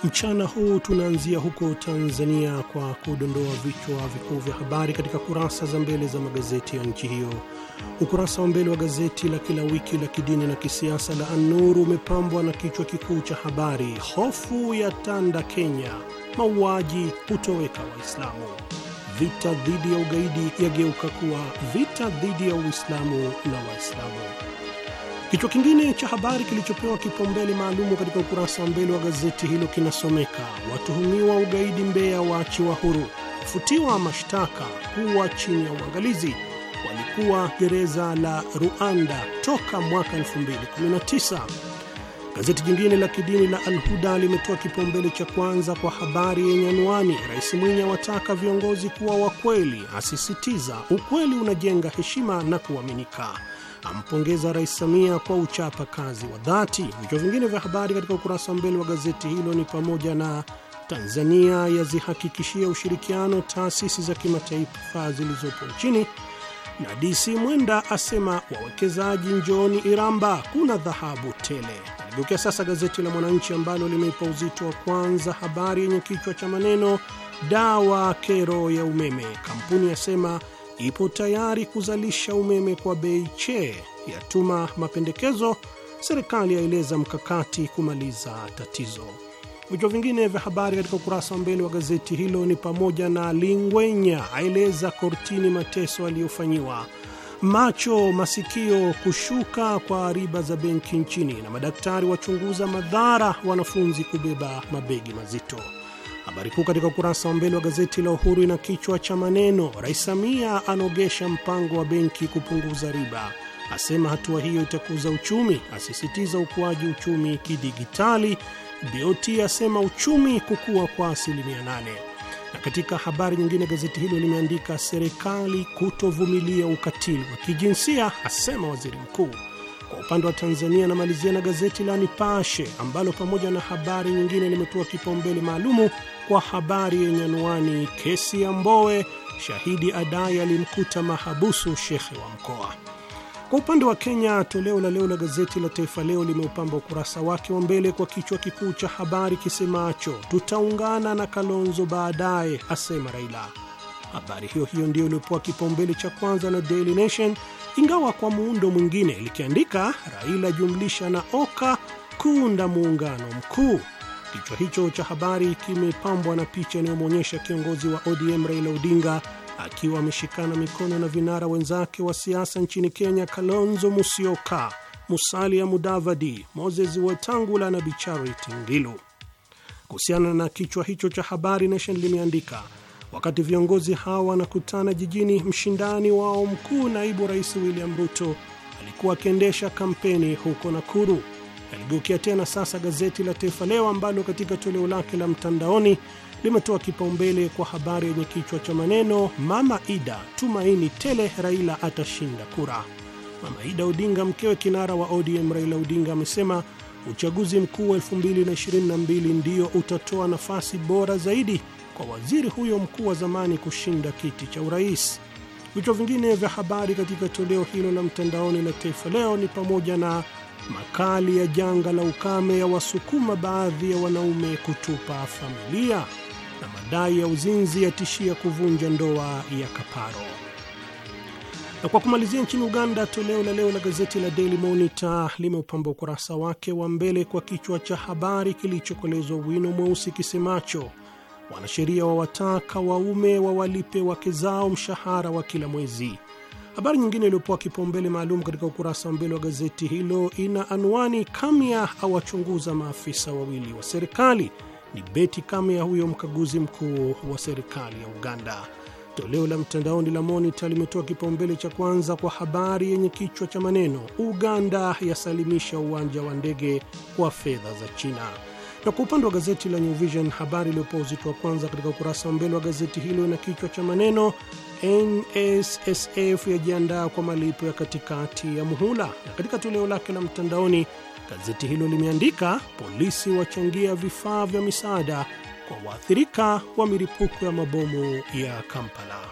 Mchana huu tunaanzia huko Tanzania kwa kudondoa vichwa vikuu vya habari katika kurasa za mbele za magazeti ya nchi hiyo. Ukurasa wa mbele wa gazeti la kila wiki la kidini na kisiasa la Anuru umepambwa na kichwa kikuu cha habari, hofu ya tanda Kenya, mauaji hutoweka Waislamu, vita dhidi ya ugaidi yageuka kuwa vita dhidi ya Uislamu na Waislamu. Kichwa kingine cha habari kilichopewa kipaumbele maalumu katika ukurasa wa mbele wa gazeti hilo kinasomeka watuhumiwa ugaidi Mbeya waachiwa huru, kufutiwa mashtaka kuwa chini ya uangalizi, walikuwa gereza la Ruanda toka mwaka 2019. Gazeti jingine la kidini la Alhuda limetoa kipaumbele cha kwanza kwa habari yenye anwani, Rais Mwinyi awataka viongozi kuwa wakweli, asisitiza ukweli unajenga heshima na kuaminika ampongeza Rais Samia kwa uchapa kazi wa dhati. Vichwa vingine vya habari katika ukurasa wa mbele wa gazeti hilo ni pamoja na Tanzania yazihakikishia ushirikiano taasisi za kimataifa zilizopo nchini na DC Mwenda asema wawekezaji njooni Iramba, kuna dhahabu tele. Aligeukia sasa gazeti la Mwananchi ambalo limeipa uzito wa kwanza habari yenye kichwa cha maneno dawa kero ya umeme, kampuni yasema ipo tayari kuzalisha umeme kwa bei che, yatuma mapendekezo, serikali yaeleza mkakati kumaliza tatizo. Vichwa vingine vya habari katika ukurasa wa mbele wa gazeti hilo ni pamoja na Lingwenya aeleza kortini mateso aliyofanyiwa, macho masikio kushuka kwa riba za benki nchini, na madaktari wachunguza madhara wanafunzi kubeba mabegi mazito. Habari kuu katika ukurasa wa mbele wa gazeti la Uhuru ina kichwa cha maneno, Rais Samia anaogesha mpango wa benki kupunguza riba, asema hatua hiyo itakuza uchumi, asisitiza ukuaji uchumi kidigitali. BOT asema uchumi kukua kwa asilimia nane. Na katika habari nyingine, gazeti hilo limeandika serikali kutovumilia ukatili wa kijinsia asema waziri mkuu. Kwa upande wa Tanzania, anamalizia na gazeti la Nipashe ambalo pamoja na habari nyingine limetoa kipaumbele maalumu kwa habari yenye anwani kesi ya Mbowe, shahidi adai alimkuta mahabusu shekhe wa mkoa. Kwa upande wa Kenya, toleo la leo la gazeti la Taifa Leo limeupamba ukurasa wake wa mbele kwa kichwa kikuu cha habari kisemacho tutaungana na Kalonzo baadaye, asema Raila. Habari hiyo hiyo ndiyo iliopoa kipaumbele cha kwanza na Daily Nation, ingawa kwa muundo mwingine likiandika Raila jumlisha na Oka kuunda muungano mkuu. Kichwa hicho cha habari kimepambwa na picha inayomwonyesha kiongozi wa ODM Raila Odinga akiwa ameshikana mikono na vinara wenzake wa siasa nchini Kenya, Kalonzo Musyoka, Musalia Mudavadi, Moses Wetangula na Bichariti Ngilu. Kuhusiana na kichwa hicho cha habari, Nation limeandika wakati viongozi hawa wanakutana jijini, mshindani wao mkuu naibu rais William Ruto alikuwa akiendesha kampeni huko Nakuru. Naligeukia tena sasa gazeti la Taifa Leo ambalo katika toleo lake la mtandaoni limetoa kipaumbele kwa habari yenye kichwa cha maneno Mama Ida tumaini tele, Raila atashinda kura. Mama Ida Odinga, mkewe kinara wa ODM Raila Odinga, amesema uchaguzi mkuu wa 2022 ndio utatoa nafasi bora zaidi kwa waziri huyo mkuu wa zamani kushinda kiti cha urais. Vichwa vingine vya habari katika toleo hilo la mtandaoni la Taifa Leo ni pamoja na makali ya janga la ukame yawasukuma baadhi ya wanaume kutupa familia na madai ya uzinzi yatishia kuvunja ndoa ya kaparo. Na kwa kumalizia, nchini Uganda, toleo la leo la gazeti la Daily Monitor limeupamba ukurasa wake wa mbele kwa kichwa cha habari kilichokolezwa wino mweusi kisemacho wanasheria wa wataka waume wawalipe wake zao mshahara wa kila mwezi. Habari nyingine iliyopewa kipaumbele maalum katika ukurasa wa mbele wa gazeti hilo ina anwani Kamya awachunguza maafisa wawili wa serikali. Ni Beti Kamya huyo mkaguzi mkuu wa serikali ya Uganda. Toleo la mtandaoni la Monita limetoa kipaumbele cha kwanza kwa habari yenye kichwa cha maneno Uganda yasalimisha uwanja wa ndege kwa fedha za China. Na kwa upande wa gazeti la New Vision, habari iliyopewa uzito wa kwanza katika ukurasa wa mbele wa gazeti hilo ina kichwa cha maneno NSSF yajiandaa kwa malipo ya katikati ya muhula. Na katika toleo lake la mtandaoni, gazeti hilo limeandika polisi wachangia vifaa vya misaada kwa waathirika wa milipuko ya mabomu ya Kampala.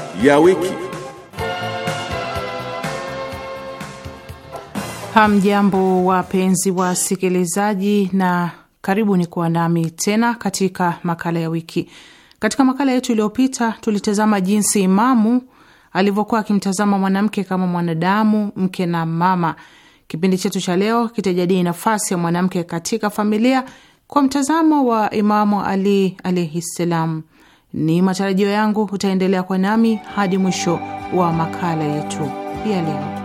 ya wiki. Hamjambo, wapenzi wasikilizaji, na karibu ni kuwa nami tena katika makala ya wiki. Katika makala yetu iliyopita, tulitazama jinsi Imamu alivyokuwa akimtazama mwanamke kama mwanadamu, mke na mama. Kipindi chetu cha leo kitajadili nafasi ya mwanamke katika familia kwa mtazamo wa Imamu Ali alaihi ssalam. Ni matarajio yangu utaendelea kwa nami hadi mwisho wa makala yetu ya leo.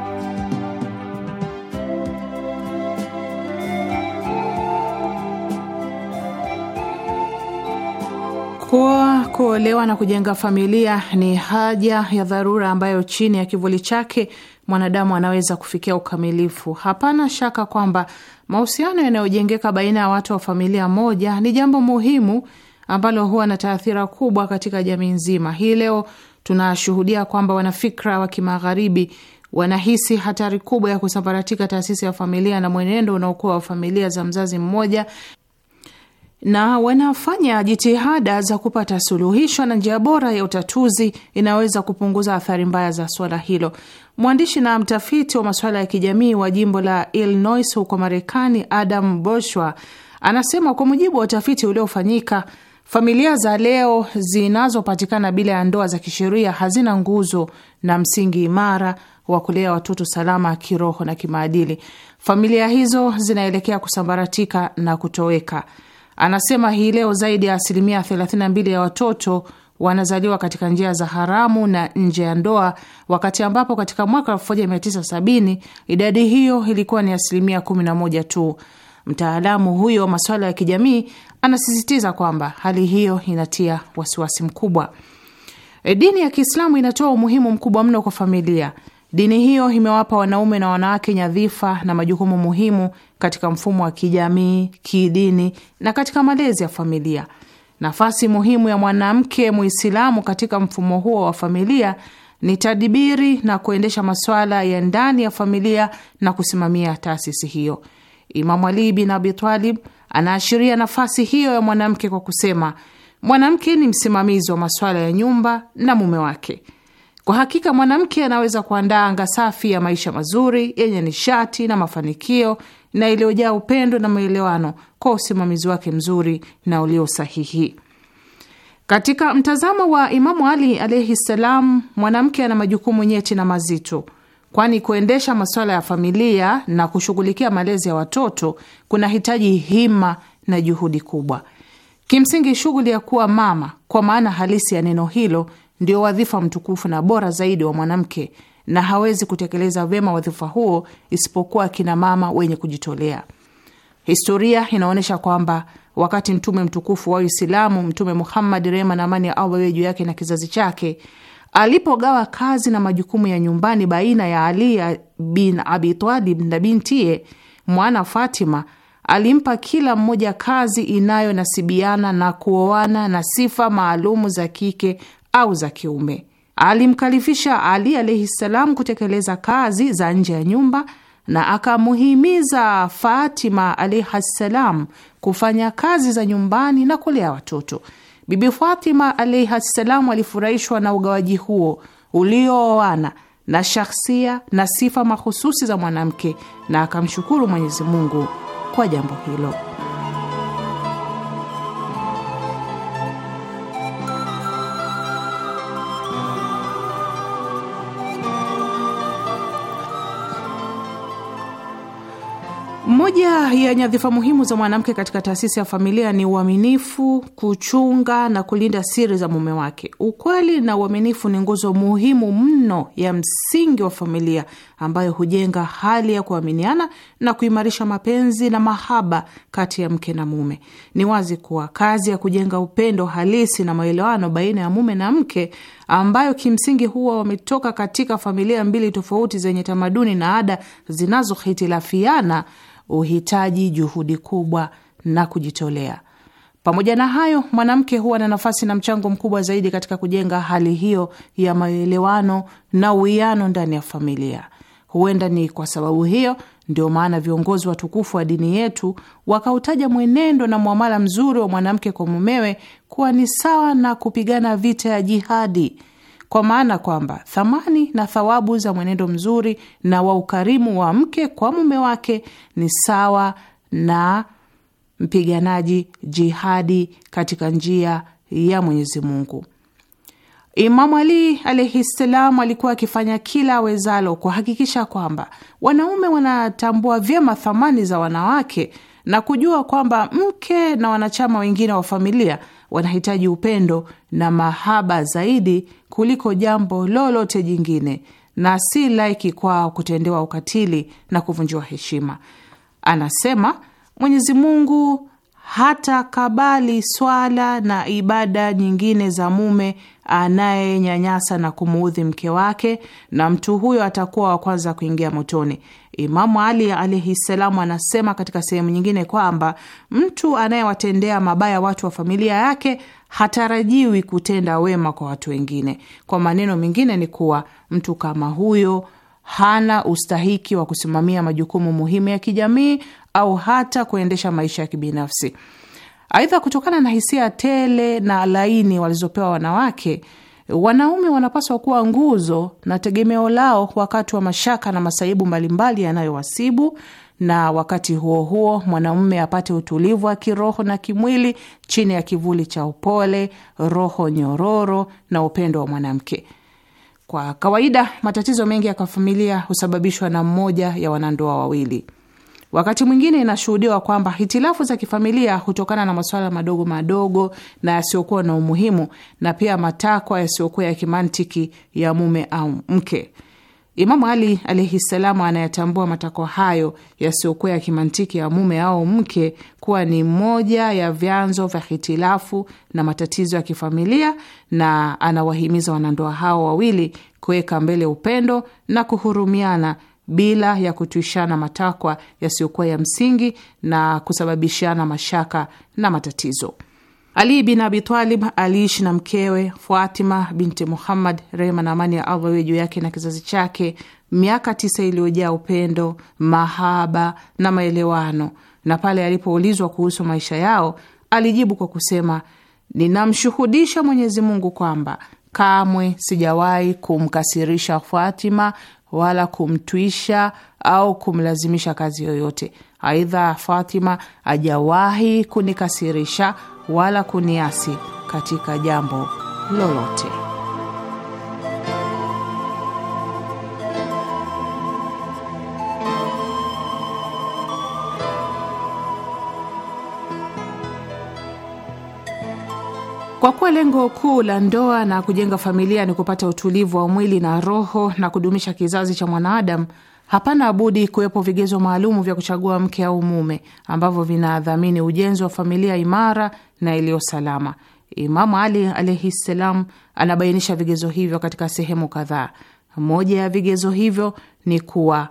Kuoa, kuolewa na kujenga familia ni haja ya dharura ambayo chini ya kivuli chake mwanadamu anaweza kufikia ukamilifu. Hapana shaka kwamba mahusiano yanayojengeka baina ya watu wa familia moja ni jambo muhimu ambalo huwa na taathira kubwa katika jamii nzima. Hii leo tunashuhudia kwamba wanafikra wa kimagharibi wanahisi hatari kubwa ya kusambaratika taasisi ya familia na mwenendo unaokuwa wa familia za mzazi mmoja na wanafanya jitihada za kupata suluhisho na njia bora ya utatuzi inaweza kupunguza athari mbaya za swala hilo. Mwandishi na mtafiti wa masuala ya kijamii wa jimbo la Illinois huko Marekani, Adam Boshwa anasema kwa mujibu wa utafiti uliofanyika Familia za leo zinazopatikana bila ya ndoa za kisheria hazina nguzo na msingi imara wa kulea watoto salama kiroho na kimaadili. Familia hizo zinaelekea kusambaratika na kutoweka. Anasema hii leo zaidi ya asilimia 32 ya watoto wanazaliwa katika njia za haramu na nje ya ndoa, wakati ambapo katika mwaka 1970 idadi hiyo ilikuwa ni asilimia 11 tu. Mtaalamu huyo wa masuala ya kijamii Anasisitiza kwamba hali hiyo inatia wasiwasi mkubwa. E, dini ya Kiislamu inatoa umuhimu mkubwa mno kwa familia. Dini hiyo imewapa wanaume na wanawake nyadhifa na majukumu muhimu katika mfumo wa kijamii, kidini na katika malezi ya familia. Nafasi muhimu ya mwanamke Muislamu katika mfumo huo wa familia ni tadibiri na kuendesha masuala ya ndani ya familia na kusimamia taasisi hiyo. Imamu Ali bin Abi Talib Anaashiria nafasi hiyo ya mwanamke kwa kusema, mwanamke ni msimamizi wa masuala ya nyumba na mume wake. Kwa hakika mwanamke anaweza kuandaa anga safi ya maisha mazuri yenye nishati na mafanikio na iliyojaa upendo na maelewano kwa usimamizi wake mzuri na ulio sahihi. Katika mtazamo wa Imamu Ali alaihi ssalam, mwanamke ana majukumu nyeti na mazito kwani kuendesha masuala ya familia na kushughulikia malezi ya watoto kunahitaji hima na juhudi kubwa. Kimsingi, shughuli ya kuwa mama kwa maana halisi ya neno hilo ndio wadhifa mtukufu na bora zaidi wa mwanamke, na hawezi kutekeleza vyema wadhifa huo isipokuwa akina mama wenye kujitolea. Historia inaonyesha kwamba wakati mtume mtukufu wa Uislamu, Mtume Muhammad, rehma na amani ya Allah iwe juu yake na kizazi chake Alipogawa kazi na majukumu ya nyumbani baina ya Ali bin abitalib na bintie mwana Fatima, alimpa kila mmoja kazi inayonasibiana na kuoana na sifa maalumu za kike au za kiume. Alimkalifisha Ali alaihi ssalam kutekeleza kazi za nje ya nyumba na akamuhimiza Fatima alaihi ssalam kufanya kazi za nyumbani na kulea watoto. Bibi Fatima alaihi alifurahishwa na ugawaji huo uliooana na shakhsia na sifa mahususi za mwanamke na akamshukuru Mwenyezi Mungu kwa jambo hilo. Moja ya nyadhifa muhimu za mwanamke katika taasisi ya familia ni uaminifu, kuchunga na kulinda siri za mume wake. Ukweli na uaminifu ni nguzo muhimu mno ya msingi wa familia ambayo hujenga hali ya kuaminiana na kuimarisha mapenzi na mahaba kati ya mke na mume. Ni wazi kuwa kazi ya kujenga upendo halisi na maelewano baina ya mume na mke, ambayo kimsingi huwa wametoka katika familia mbili tofauti zenye tamaduni na ada zinazohitilafiana uhitaji juhudi kubwa na kujitolea. Pamoja na hayo, mwanamke huwa na nafasi na mchango mkubwa zaidi katika kujenga hali hiyo ya maelewano na uwiano ndani ya familia. Huenda ni kwa sababu hiyo ndio maana viongozi watukufu wa dini yetu wakautaja mwenendo na mwamala mzuri wa mwanamke kwa mumewe kuwa ni sawa na kupigana vita ya jihadi kwa maana kwamba thamani na thawabu za mwenendo mzuri na wa ukarimu wa mke kwa mume wake ni sawa na mpiganaji jihadi katika njia ya Mwenyezi Mungu. Imamu Ali alaihi ssalam alikuwa akifanya kila awezalo kuhakikisha kwamba wanaume wanatambua vyema thamani za wanawake na kujua kwamba mke na wanachama wengine wa familia wanahitaji upendo na mahaba zaidi kuliko jambo lolote jingine, na si laiki kwao kutendewa ukatili na kuvunjiwa heshima. Anasema Mwenyezi Mungu hata kabali swala na ibada nyingine za mume anayenyanyasa na kumuudhi mke wake, na mtu huyo atakuwa wa kwanza kuingia motoni. Imamu Ali alaihi ssalam anasema katika sehemu nyingine kwamba mtu anayewatendea mabaya watu wa familia yake hatarajiwi kutenda wema kwa watu wengine. Kwa maneno mengine, ni kuwa mtu kama huyo hana ustahiki wa kusimamia majukumu muhimu ya kijamii au hata kuendesha maisha ya kibinafsi. Aidha, kutokana na hisia tele na laini walizopewa wanawake, wanaume wanapaswa kuwa nguzo na tegemeo lao wakati wa mashaka na masaibu mbalimbali yanayowasibu, na wakati huo huo mwanaume apate utulivu wa kiroho na kimwili chini ya kivuli cha upole, roho nyororo na upendo wa mwanamke. Kwa kawaida matatizo mengi ya kifamilia husababishwa na mmoja ya wanandoa wawili. Wakati mwingine inashuhudiwa kwamba hitilafu za kifamilia hutokana na masuala madogo madogo na yasiyokuwa na umuhimu, na pia matakwa yasiyokuwa ya kimantiki ya mume au mke. Imamu Ali alaihi salamu anayatambua matakwa hayo yasiyokuwa ya kimantiki ya mume au mke kuwa ni moja ya vyanzo vya hitilafu na matatizo ya kifamilia, na anawahimiza wanandoa hao wawili kuweka mbele upendo na kuhurumiana bila ya kutuishana matakwa yasiyokuwa ya msingi na kusababishana mashaka na matatizo. Ali bin Abi Talib aliishi na mkewe Fatima binti Muhammad, rehma na amani ya Allah iwe juu yake na kizazi chake, miaka tisa iliyojaa upendo, mahaba na maelewano. Na pale alipoulizwa kuhusu maisha yao alijibu kwa kusema, ninamshuhudisha Mwenyezi Mungu kwamba kamwe sijawahi kumkasirisha Fatima wala kumtwisha au kumlazimisha kazi yoyote. Aidha, Fatima hajawahi kunikasirisha wala kuniasi katika jambo lolote. Kwa kuwa lengo kuu la ndoa na kujenga familia ni kupata utulivu wa mwili na roho na kudumisha kizazi cha mwanadamu, Hapana budi kuwepo vigezo maalumu vya kuchagua mke au mume ambavyo vinadhamini ujenzi wa familia imara na iliyo salama. Imamu Ali alaihi ssalam anabainisha vigezo hivyo katika sehemu kadhaa. Moja ya vigezo hivyo ni kuwa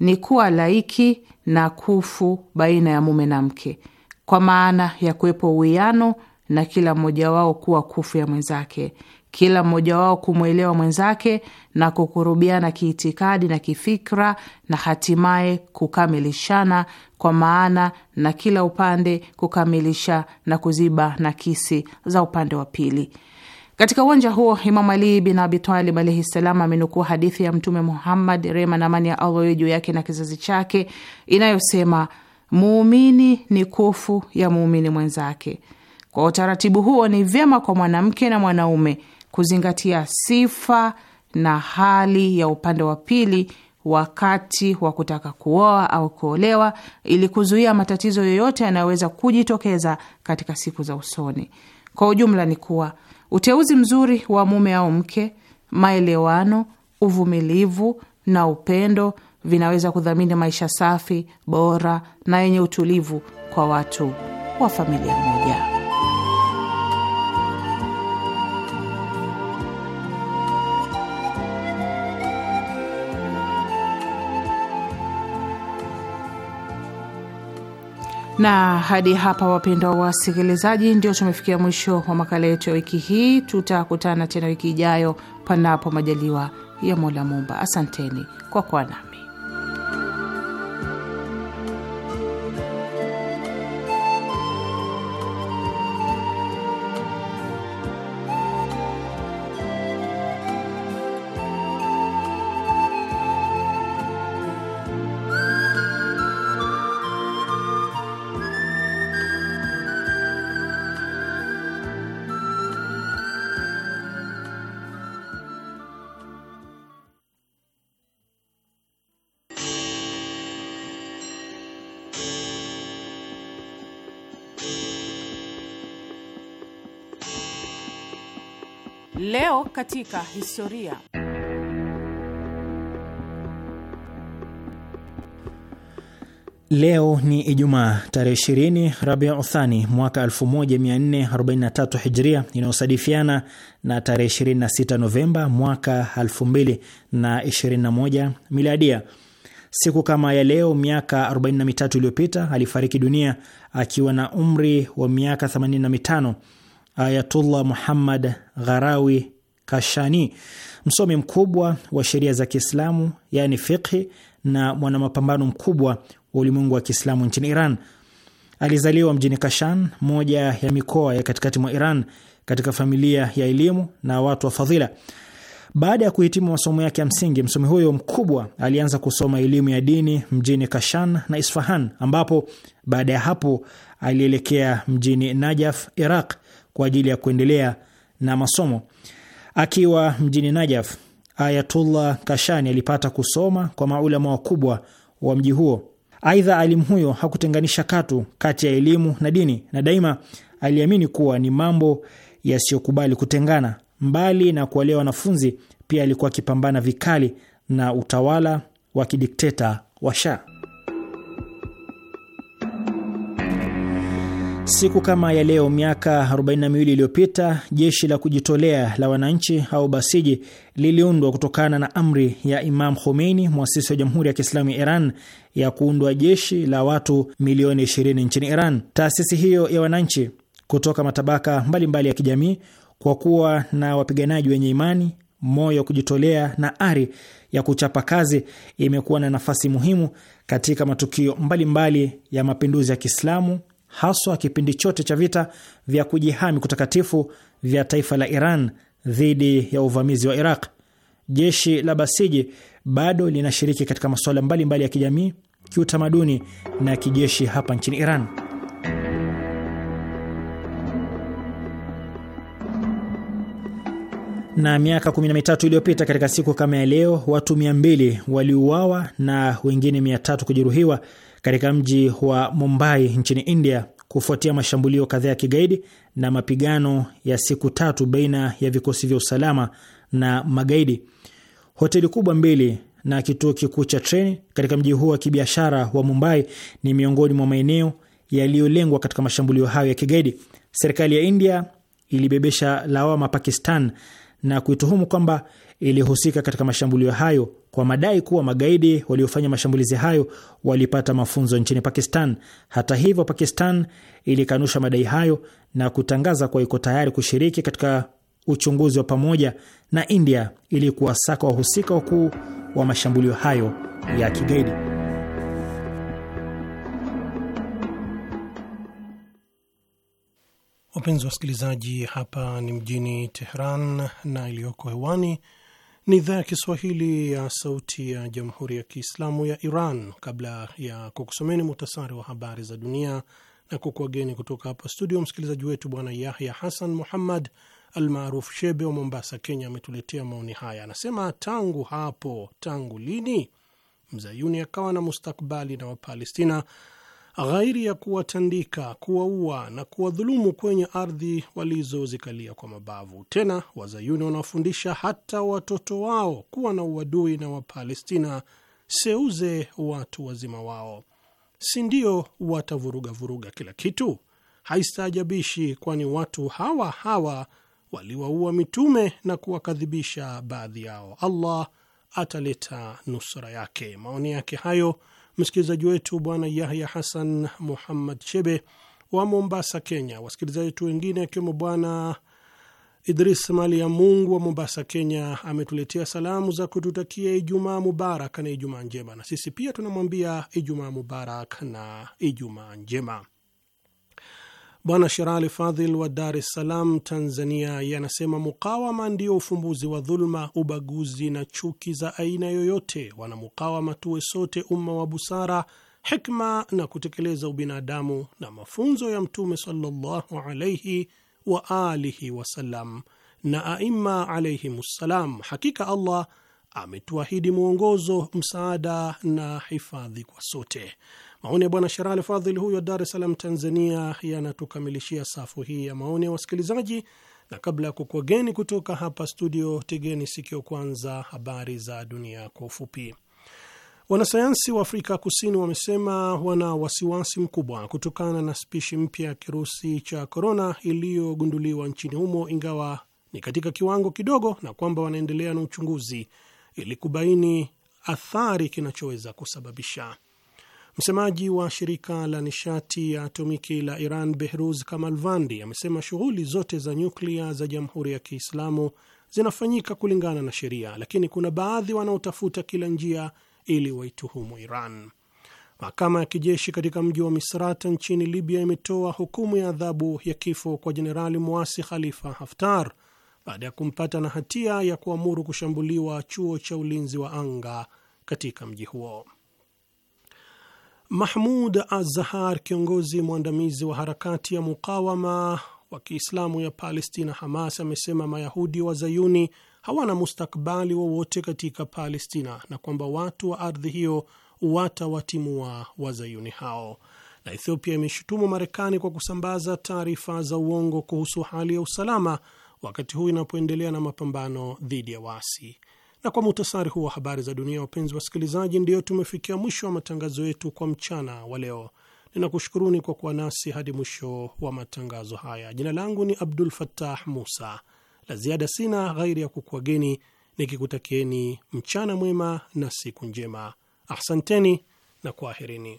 ni kuwa laiki na kufu baina ya mume na mke, kwa maana ya kuwepo uwiano na kila mmoja wao kuwa kufu ya mwenzake kila mmoja wao kumwelewa mwenzake na kukurubiana kiitikadi na kifikra na hatimaye kukamilishana kwa maana na kila upande kukamilisha na kuziba nakisi za upande wa pili. Katika uwanja huo Imamu Ali bin Abitalib alaihi ssalam amenukua hadithi ya Mtume Muhammad, rehma na amani ya Allah juu yake na kizazi chake, inayosema muumini ni kofu ya muumini mwenzake. Kwa utaratibu huo, ni vyema kwa mwanamke na mwanaume kuzingatia sifa na hali ya upande wa pili wakati wa kutaka kuoa au kuolewa, ili kuzuia matatizo yoyote yanayoweza kujitokeza katika siku za usoni. Kwa ujumla ni kuwa uteuzi mzuri wa mume au mke, maelewano, uvumilivu na upendo vinaweza kudhamini maisha safi, bora na yenye utulivu kwa watu wa familia moja. Na hadi hapa, wapendwa wasikilizaji, ndio tumefikia mwisho wa makala yetu ya wiki hii. Tutakutana tena wiki ijayo, panapo majaliwa ya Mola Mumba. Asanteni kwa kwana Leo katika historia. Leo ni Ijumaa tarehe 20 rabi uthani mwaka 1443 Hijria, inayosadifiana na tarehe 26 Novemba mwaka 2021 Miladia. Siku kama ya leo miaka 43 iliyopita alifariki dunia akiwa na umri wa miaka 85 Ayatullah Muhammad Gharawi Kashani, msomi mkubwa wa sheria za Kiislamu yani fiqhi na mwanamapambano mkubwa wa ulimwengu wa Kiislamu nchini Iran. Alizaliwa mjini Kashan, moja ya mikoa ya katikati mwa Iran, katika familia ya elimu na watu wa fadhila. Baada ya kuhitimu masomo yake ya msingi, msomi huyo mkubwa alianza kusoma elimu ya dini mjini Kashan na Isfahan, ambapo baada ya hapo alielekea mjini Najaf, Iraq, kwa ajili ya kuendelea na masomo. Akiwa mjini Najaf, Ayatullah Kashani alipata kusoma kwa maulama wakubwa wa mji huo. Aidha, alimu huyo hakutenganisha katu kati ya elimu na dini, na daima aliamini kuwa ni mambo yasiyokubali kutengana. Mbali na kuwalea wanafunzi, pia alikuwa akipambana vikali na utawala wa kidikteta wa Shah. Siku kama ya leo miaka 42 iliyopita jeshi la kujitolea la wananchi au Basiji liliundwa kutokana na amri ya Imam Khomeini, mwasisi wa Jamhuri ya Kiislamu ya Iran, ya kuundwa jeshi la watu milioni 20 nchini Iran. Taasisi hiyo ya wananchi kutoka matabaka mbalimbali mbali ya kijamii, kwa kuwa na wapiganaji wenye imani, moyo wa kujitolea na ari ya kuchapa kazi, imekuwa na nafasi muhimu katika matukio mbalimbali mbali ya mapinduzi ya Kiislamu haswa kipindi chote cha vita vya kujihami kutakatifu vya taifa la Iran dhidi ya uvamizi wa Iraq. Jeshi la Basiji bado linashiriki katika masuala mbalimbali ya kijamii, kiutamaduni na kijeshi hapa nchini Iran. Na miaka 13 iliyopita katika siku kama ya leo, watu 200 waliuawa na wengine 300 kujeruhiwa katika mji wa Mumbai nchini India kufuatia mashambulio kadhaa ya kigaidi na mapigano ya siku tatu baina ya vikosi vya usalama na magaidi. Hoteli kubwa mbili na kituo kikuu cha treni katika mji huo wa kibiashara wa Mumbai ni miongoni mwa maeneo yaliyolengwa katika mashambulio hayo ya kigaidi. Serikali ya India ilibebesha lawama Pakistan na kuituhumu kwamba ilihusika katika mashambulio hayo kwa madai kuwa magaidi waliofanya mashambulizi hayo walipata mafunzo nchini Pakistan. Hata hivyo, Pakistan ilikanusha madai hayo na kutangaza kuwa iko tayari kushiriki katika uchunguzi wa pamoja na India ili kuwasaka wahusika wakuu wa mashambulio hayo ya kigaidi. Wapenzi wasikilizaji, hapa ni mjini Teheran na iliyoko hewani ni idhaa ya Kiswahili ya Sauti ya Jamhuri ya Kiislamu ya Iran. Kabla ya kukusomeni muhtasari wa habari za dunia na kukuageni kutoka hapa studio, msikilizaji wetu Bwana Yahya Hassan Muhammad almaaruf Shebe wa Mombasa, Kenya, ametuletea maoni haya. Anasema tangu hapo, tangu lini mzayuni akawa na mustakbali na Wapalestina ghairi ya kuwatandika, kuwaua na kuwadhulumu kwenye ardhi walizozikalia kwa mabavu. Tena wazayuni wanafundisha hata watoto wao kuwa na uadui na Wapalestina, seuze watu wazima wao, si ndio watavurugavuruga kila kitu? haistaajabishi kwani watu hawa hawa waliwaua mitume na kuwakadhibisha baadhi yao. Allah ataleta nusra yake. Maoni yake hayo msikilizaji wetu Bwana Yahya Hasan Muhammad Shebe wa Mombasa, Kenya. Wasikilizaji wetu wengine akiwemo Bwana Idris Mali ya Mungu wa Mombasa, Kenya, ametuletea salamu za kututakia Ijumaa mubarak na Ijumaa njema, na sisi pia tunamwambia Ijumaa mubarak na Ijumaa njema. Bwana Sherali Fadhil wa Dar es Salaam, Tanzania, yanasema mukawama ndio ufumbuzi wa dhuluma, ubaguzi na chuki za aina yoyote. Wanamukawama tuwe sote umma wa busara, hikma na kutekeleza ubinadamu na mafunzo ya Mtume sallallahu alaihi wa alihi wasallam na aima ssalam Hakika Allah ametuahidi mwongozo, msaada na hifadhi kwa sote. Maoni ya bwana Sherali Fadhili huyo Dar es Salaam, Tanzania, yanatukamilishia safu hii ya maoni ya wasikilizaji, na kabla ya kukwageni kutoka hapa studio, tegeni sikio kwanza habari za dunia kwa ufupi. Wanasayansi wa Afrika Kusini wamesema wana wasiwasi mkubwa kutokana na spishi mpya ya kirusi cha korona iliyogunduliwa nchini humo, ingawa ni katika kiwango kidogo, na kwamba wanaendelea na uchunguzi ili kubaini athari kinachoweza kusababisha. Msemaji wa shirika la nishati ya atomiki la Iran, Behruz Kamalvandi, amesema shughuli zote za nyuklia za Jamhuri ya Kiislamu zinafanyika kulingana na sheria, lakini kuna baadhi wanaotafuta kila njia ili waituhumu Iran. Mahakama ya kijeshi katika mji wa Misrata nchini Libya imetoa hukumu ya adhabu ya kifo kwa jenerali mwasi Khalifa Haftar baada ya kumpata na hatia ya kuamuru kushambuliwa chuo cha ulinzi wa anga katika mji huo. Mahmud Azahar, kiongozi mwandamizi wa harakati ya mukawama wa Kiislamu ya Palestina, Hamas, amesema Mayahudi wa Zayuni hawana mustakbali wowote katika Palestina na kwamba watu wa ardhi hiyo watawatimua Wazayuni hao. Na Ethiopia imeshutumu Marekani kwa kusambaza taarifa za uongo kuhusu hali ya usalama wakati huu inapoendelea na mapambano dhidi ya waasi. Na kwa muhtasari huu wa habari za dunia, wapenzi wasikilizaji, ndiyo tumefikia mwisho wa matangazo yetu kwa mchana wa leo. Ninakushukuruni kwa kuwa nasi hadi mwisho wa matangazo haya. Jina langu ni Abdul Fattah Musa. La ziada sina ghairi ya kukuageni nikikutakieni mchana mwema na siku njema. Ahsanteni na kwaherini.